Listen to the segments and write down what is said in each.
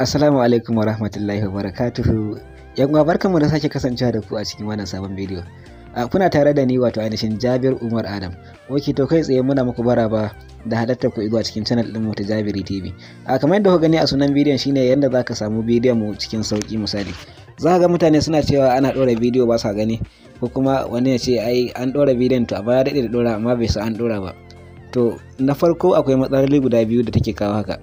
assalamu alaikum wa rahmatullahi wa barakatuhu yan uwa barkanmu da sake kasancewa da ku a cikin wannan sabon bidiyo kuna tare da ni wato ainihin Jabir Umar Adam oke to kai tsaye muna muku bara ba da halartar ku a cikin channel din mu ta Jabiri TV a kamar yadda ku gani a sunan bidiyon shine yadda zaka samu bidiyon mu cikin sauki misali za ga mutane suna cewa ana ɗora bidiyo ba sa gani ko kuma wani ya ce ai an ɗora bidiyon to a baya daɗe da ɗora amma bai sa an ɗora ba to na farko akwai matsaloli guda biyu da take kawo haka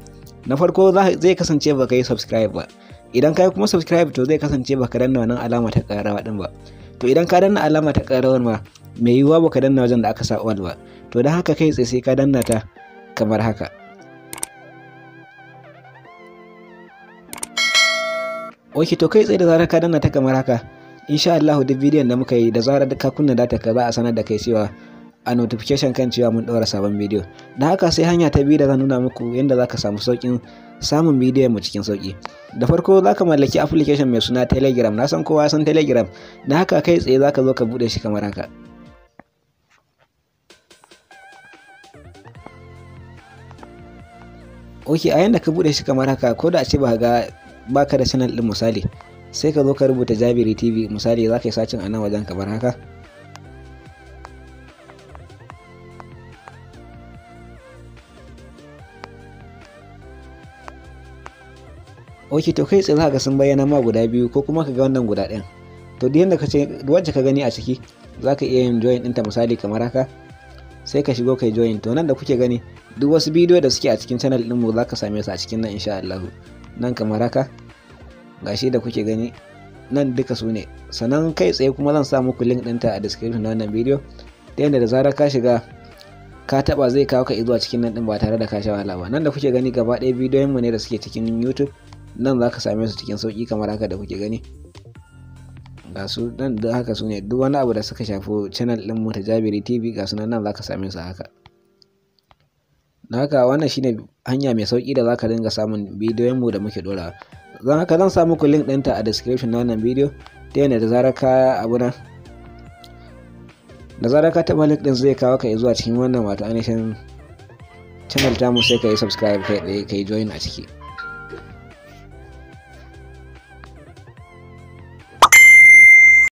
na farko zai kasance baka yi subscribe ba idan ka yi kuma subscribe to zai kasance baka danna wannan alama ta karawa din ba to idan ka danna alama ta karawa ma mai yiwuwa baka danna wajen da aka sa all ba to dan haka kai tsaye sai ka danna ta kamar haka ok to kai tsaye da zarar ka danna ta kamar haka insha Allah duk bidiyon da muka yi da zarar ka kunna data ka za a sanar da kai cewa a notification kan cewa mun ɗora sabon bidiyo da haka sai hanya ta biyu da zan nuna muku yadda za ka samu sauƙin samun bidiyon mu cikin sauƙi da farko za ka mallaki application mai suna telegram na san kowa san telegram da haka kai tsaye za ka zo ka buɗe shi kamar haka ok a yanda ka buɗe shi kamar haka ko da a ce ba ga baka da sanar ɗin misali sai ka zo ka rubuta jabiri tv misali za ka yi sacin a nan wajen kamar haka ok to kai tsaye ga sun bayyana ma guda biyu ko kuma ka ga wannan guda ɗayan to duk yadda ka ce wacce ka gani a ciki za ka iya yin join ɗinta misali kamar haka sai ka shigo kai join to nan da kuke gani duk wasu bidiyo da suke a cikin channel din mu ka same su a cikin nan insha Allah nan kamar haka gashi da kuke gani nan duka su ne sannan kai tsaye kuma zan sa muku link ɗinta a description na wannan bidiyo ta yadda da zarar ka shiga ka taba zai kawo ka izuwa cikin nan din ba tare da ka sha wahala ba nan da kuke gani gaba ɗaya bidiyoyinmu mu ne da suke cikin YouTube nan za ka same su cikin sauƙi kamar haka da kuke gani ga su nan da haka su ne duk wani abu da suka shafi channel ɗin mu ta jabiri tv ga su nan nan za ka same su haka na haka wannan shine hanya mai sauƙi da za ka dinga samun bidiyon mu da muke ɗorawa zan haka zan sa muku link ɗinta a description na wannan bidiyo ta yana da zarar ka abu da zarar ka taɓa link ɗin zai kawo ka zuwa cikin wannan wato ainihin channel mu sai ka yi subscribe kai tsaye ka yi join a ciki